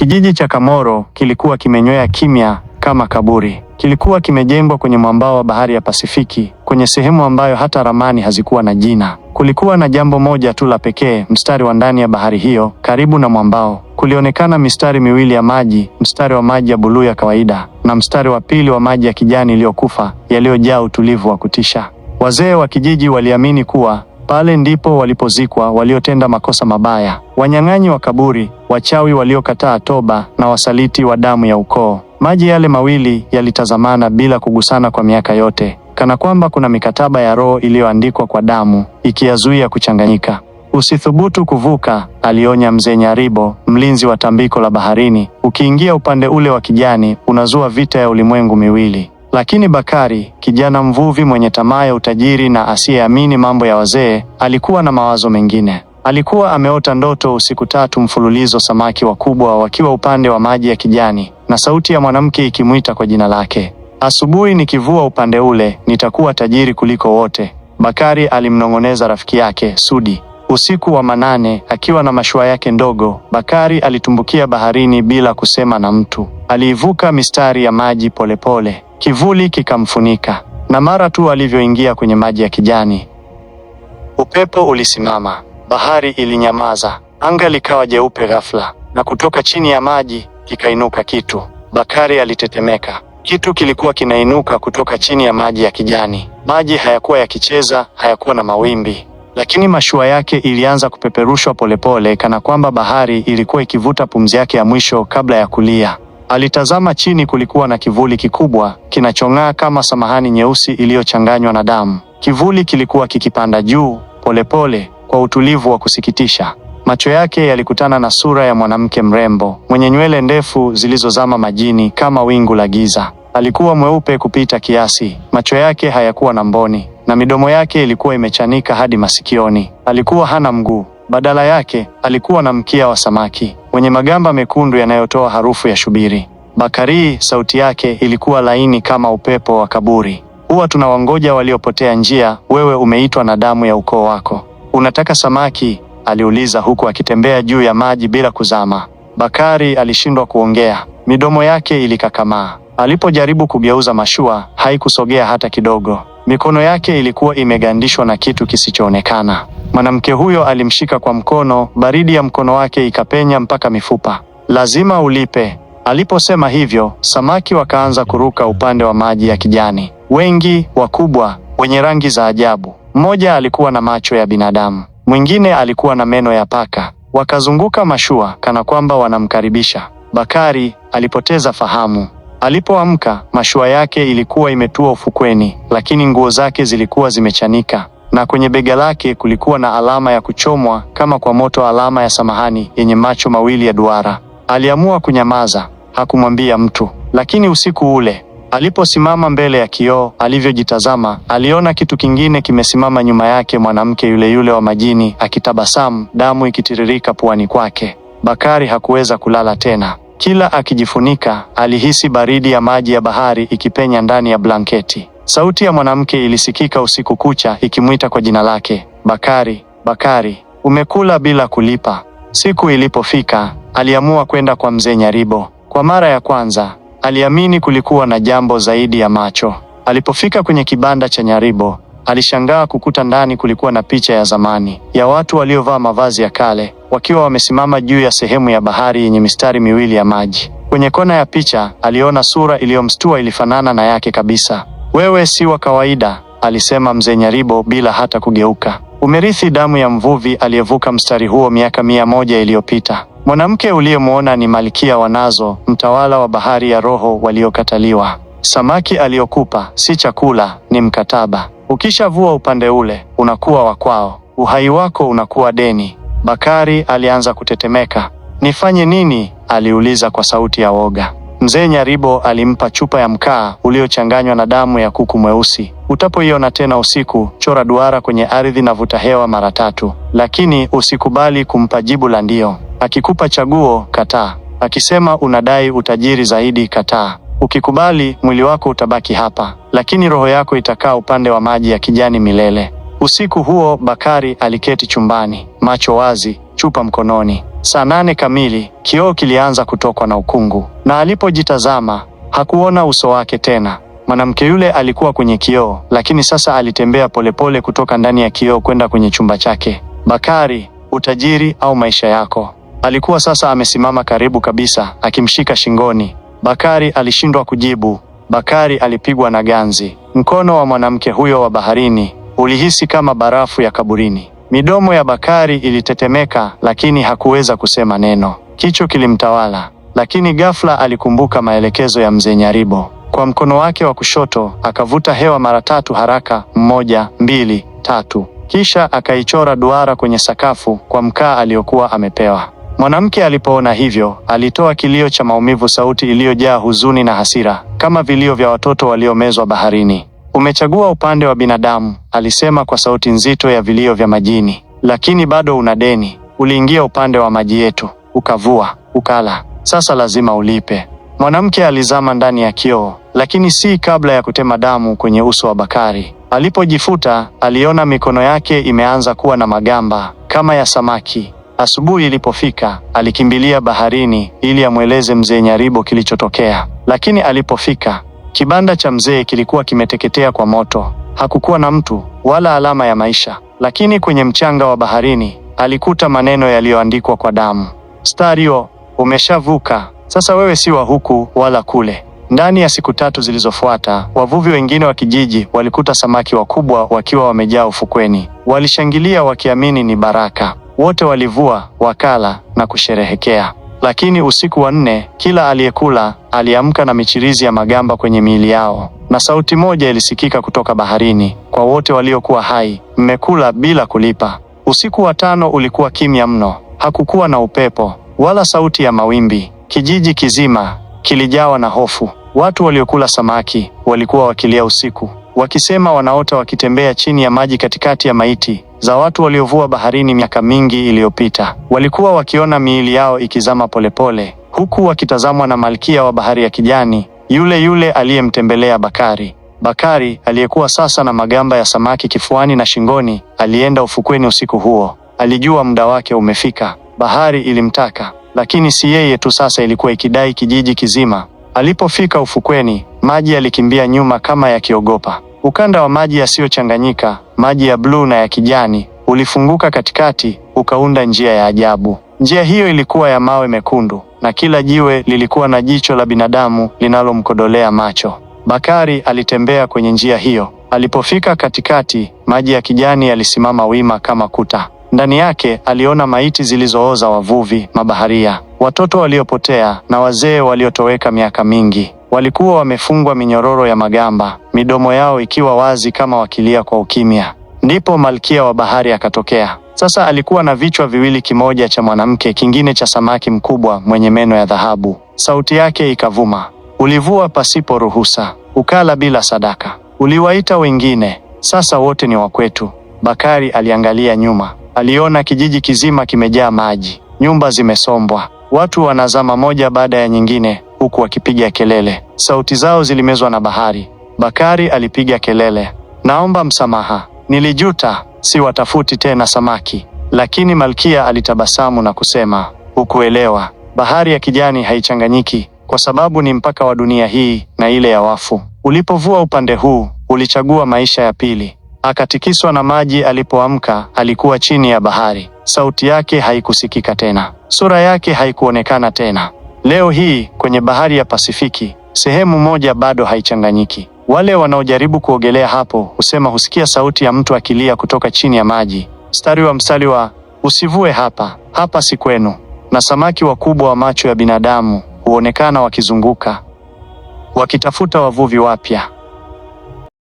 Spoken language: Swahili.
Kijiji cha Kamoro kilikuwa kimenywea kimya kama kaburi. Kilikuwa kimejengwa kwenye mwambao wa bahari ya Pasifiki, kwenye sehemu ambayo hata ramani hazikuwa na jina. Kulikuwa na jambo moja tu la pekee, mstari wa ndani ya bahari hiyo. Karibu na mwambao kulionekana mistari miwili ya maji, mstari wa maji ya buluu ya kawaida na mstari wa pili wa maji ya kijani iliyokufa yaliyojaa utulivu wa kutisha. Wazee wa kijiji waliamini kuwa pale ndipo walipozikwa waliotenda makosa mabaya, wanyang'anyi wa kaburi, wachawi waliokataa toba na wasaliti wa damu ya ukoo. Maji yale mawili yalitazamana bila kugusana kwa miaka yote, kana kwamba kuna mikataba ya roho iliyoandikwa kwa damu, ikiyazuia kuchanganyika. Usithubutu kuvuka, alionya mzee Nyaribo, mlinzi wa tambiko la baharini. Ukiingia upande ule wa kijani, unazua vita ya ulimwengu miwili. Lakini Bakari, kijana mvuvi mwenye tamaa ya utajiri na asiyeamini mambo ya wazee, alikuwa na mawazo mengine. Alikuwa ameota ndoto usiku tatu mfululizo, samaki wakubwa wakiwa upande wa maji ya kijani na sauti ya mwanamke ikimwita kwa jina lake. Asubuhi nikivua upande ule, nitakuwa tajiri kuliko wote, Bakari alimnong'oneza rafiki yake Sudi. Usiku wa manane, akiwa na mashua yake ndogo, Bakari alitumbukia baharini bila kusema na mtu. Aliivuka mistari ya maji polepole pole. Kivuli kikamfunika, na mara tu alivyoingia kwenye maji ya kijani, upepo ulisimama, bahari ilinyamaza, anga likawa jeupe ghafla, na kutoka chini ya maji kikainuka kitu. Bakari alitetemeka. Kitu kilikuwa kinainuka kutoka chini ya maji ya kijani. Maji hayakuwa yakicheza, hayakuwa na mawimbi, lakini mashua yake ilianza kupeperushwa polepole, kana kwamba bahari ilikuwa ikivuta pumzi yake ya mwisho kabla ya kulia. Alitazama chini. Kulikuwa na kivuli kikubwa kinachong'aa kama samahani nyeusi iliyochanganywa na damu. Kivuli kilikuwa kikipanda juu polepole kwa utulivu wa kusikitisha. Macho yake yalikutana na sura ya mwanamke mrembo mwenye nywele ndefu zilizozama majini kama wingu la giza. Alikuwa mweupe kupita kiasi, macho yake hayakuwa na mboni na midomo yake ilikuwa imechanika hadi masikioni. Alikuwa hana mguu. Badala yake alikuwa na mkia wa samaki wenye magamba mekundu yanayotoa harufu ya shubiri. Bakari, sauti yake ilikuwa laini kama upepo wa kaburi. Huwa tunawangoja waliopotea njia, wewe umeitwa na damu ya ukoo wako. Unataka samaki? aliuliza huku akitembea juu ya maji bila kuzama. Bakari alishindwa kuongea, midomo yake ilikakamaa. Alipojaribu kugeuza mashua, haikusogea hata kidogo. Mikono yake ilikuwa imegandishwa na kitu kisichoonekana. Mwanamke huyo alimshika kwa mkono, baridi ya mkono wake ikapenya mpaka mifupa. Lazima ulipe. Aliposema hivyo, samaki wakaanza kuruka upande wa maji ya kijani, wengi wakubwa, wenye rangi za ajabu. Mmoja alikuwa na macho ya binadamu, mwingine alikuwa na meno ya paka. Wakazunguka mashua kana kwamba wanamkaribisha. Bakari alipoteza fahamu. Alipoamka, mashua yake ilikuwa imetua ufukweni, lakini nguo zake zilikuwa zimechanika na kwenye bega lake kulikuwa na alama ya kuchomwa kama kwa moto, alama ya samahani yenye macho mawili ya duara. Aliamua kunyamaza, hakumwambia mtu. Lakini usiku ule aliposimama mbele ya kioo, alivyojitazama aliona kitu kingine kimesimama nyuma yake, mwanamke yule yule wa majini akitabasamu, damu ikitiririka puani kwake. Bakari hakuweza kulala tena. Kila akijifunika, alihisi baridi ya maji ya bahari ikipenya ndani ya blanketi. Sauti ya mwanamke ilisikika usiku kucha ikimwita kwa jina lake, Bakari, Bakari, umekula bila kulipa. Siku ilipofika, aliamua kwenda kwa mzee Nyaribo. Kwa mara ya kwanza, aliamini kulikuwa na jambo zaidi ya macho. Alipofika kwenye kibanda cha Nyaribo, alishangaa kukuta ndani kulikuwa na picha ya zamani ya watu waliovaa mavazi ya kale wakiwa wamesimama juu ya sehemu ya bahari yenye mistari miwili ya maji. Kwenye kona ya picha, aliona sura iliyomstua ilifanana na yake kabisa. Wewe si wa kawaida, alisema mzee Nyaribo bila hata kugeuka. Umerithi damu ya mvuvi aliyevuka mstari huo miaka mia moja iliyopita. Mwanamke uliyemwona ni malkia wa Nazo, mtawala wa bahari ya roho waliokataliwa. Samaki aliyokupa si chakula, ni mkataba. Ukishavua upande ule, unakuwa wa kwao, uhai wako unakuwa deni. Bakari alianza kutetemeka. Nifanye nini? aliuliza kwa sauti ya woga. Mzee Nyaribo alimpa chupa ya mkaa uliochanganywa na damu ya kuku mweusi. Utapoiona tena usiku, chora duara kwenye ardhi na vuta hewa mara tatu, lakini usikubali kumpa jibu la ndio. Akikupa chaguo, kataa. Akisema unadai utajiri zaidi, kataa. Ukikubali, mwili wako utabaki hapa, lakini roho yako itakaa upande wa maji ya kijani milele. Usiku huo Bakari aliketi chumbani, macho wazi chupa mkononi. Saa nane kamili kioo kilianza kutokwa na ukungu, na alipojitazama hakuona uso wake tena. Mwanamke yule alikuwa kwenye kioo, lakini sasa alitembea polepole pole kutoka ndani ya kioo kwenda kwenye chumba chake. Bakari, utajiri au maisha yako? Alikuwa sasa amesimama karibu kabisa, akimshika shingoni. Bakari alishindwa kujibu. Bakari alipigwa na ganzi. Mkono wa mwanamke huyo wa baharini ulihisi kama barafu ya kaburini. Midomo ya Bakari ilitetemeka, lakini hakuweza kusema neno. Kicho kilimtawala, lakini ghafla alikumbuka maelekezo ya mzee Nyaribo. Kwa mkono wake wa kushoto akavuta hewa mara tatu haraka, mmoja, mbili, tatu, kisha akaichora duara kwenye sakafu kwa mkaa aliyokuwa amepewa. Mwanamke alipoona hivyo, alitoa kilio cha maumivu, sauti iliyojaa huzuni na hasira, kama vilio vya watoto waliomezwa baharini. Umechagua upande wa binadamu, alisema kwa sauti nzito ya vilio vya majini, lakini bado una deni. Uliingia upande wa maji yetu, ukavua, ukala, sasa lazima ulipe. Mwanamke alizama ndani ya kioo, lakini si kabla ya kutema damu kwenye uso wa Bakari. Alipojifuta aliona mikono yake imeanza kuwa na magamba kama ya samaki. Asubuhi ilipofika, alikimbilia baharini ili amweleze mzee Nyaribo kilichotokea, lakini alipofika Kibanda cha mzee kilikuwa kimeteketea kwa moto. Hakukuwa na mtu wala alama ya maisha, lakini kwenye mchanga wa baharini alikuta maneno yaliyoandikwa kwa damu. Stario, umeshavuka sasa, wewe si wa huku wala kule. Ndani ya siku tatu zilizofuata, wavuvi wengine wa kijiji walikuta samaki wakubwa wakiwa wamejaa ufukweni. Walishangilia wakiamini ni baraka. Wote walivua, wakala na kusherehekea. Lakini usiku wa nne, kila aliyekula aliamka na michirizi ya magamba kwenye miili yao, na sauti moja ilisikika kutoka baharini, kwa wote waliokuwa hai, mmekula bila kulipa. Usiku wa tano ulikuwa kimya mno. Hakukuwa na upepo wala sauti ya mawimbi. Kijiji kizima kilijawa na hofu. Watu waliokula samaki walikuwa wakilia usiku wakisema wanaota wakitembea chini ya maji katikati ya maiti za watu waliovua baharini miaka mingi iliyopita. Walikuwa wakiona miili yao ikizama polepole, huku wakitazamwa na malkia wa bahari ya kijani, yule yule aliyemtembelea Bakari. Bakari aliyekuwa sasa na magamba ya samaki kifuani na shingoni, alienda ufukweni usiku huo. Alijua muda wake umefika. Bahari ilimtaka, lakini si yeye tu, sasa ilikuwa ikidai kijiji kizima. Alipofika ufukweni, maji yalikimbia nyuma kama yakiogopa. Ukanda wa maji yasiyochanganyika, maji ya bluu na ya kijani, ulifunguka katikati, ukaunda njia ya ajabu. Njia hiyo ilikuwa ya mawe mekundu na kila jiwe lilikuwa na jicho la binadamu linalomkodolea macho. Bakari alitembea kwenye njia hiyo. Alipofika katikati, maji ya kijani yalisimama wima kama kuta. Ndani yake aliona maiti zilizooza, wavuvi, mabaharia, watoto waliopotea na wazee waliotoweka miaka mingi. Walikuwa wamefungwa minyororo ya magamba, midomo yao ikiwa wazi kama wakilia kwa ukimya. Ndipo malkia wa bahari akatokea. Sasa alikuwa na vichwa viwili, kimoja cha mwanamke, kingine cha samaki mkubwa mwenye meno ya dhahabu. Sauti yake ikavuma, ulivua pasipo ruhusa, ukala bila sadaka, uliwaita wengine, sasa wote ni wakwetu. Bakari aliangalia nyuma, aliona kijiji kizima kimejaa maji, nyumba zimesombwa, watu wanazama moja baada ya nyingine, huku wakipiga kelele. Sauti zao zilimezwa na bahari. Bakari alipiga kelele, naomba msamaha, nilijuta, si watafuti tena samaki. Lakini malkia alitabasamu na kusema, hukuelewa, bahari ya kijani haichanganyiki kwa sababu ni mpaka wa dunia hii na ile ya wafu. Ulipovua upande huu, ulichagua maisha ya pili. Akatikiswa na maji. Alipoamka alikuwa chini ya bahari. Sauti yake haikusikika tena, sura yake haikuonekana tena. Leo hii kwenye bahari ya Pasifiki, sehemu moja bado haichanganyiki. Wale wanaojaribu kuogelea hapo husema husikia sauti ya mtu akilia kutoka chini ya maji, mstari wa mstari wa usivue hapa, hapa si kwenu, na samaki wakubwa wa macho ya binadamu huonekana wakizunguka wakitafuta wavuvi wapya.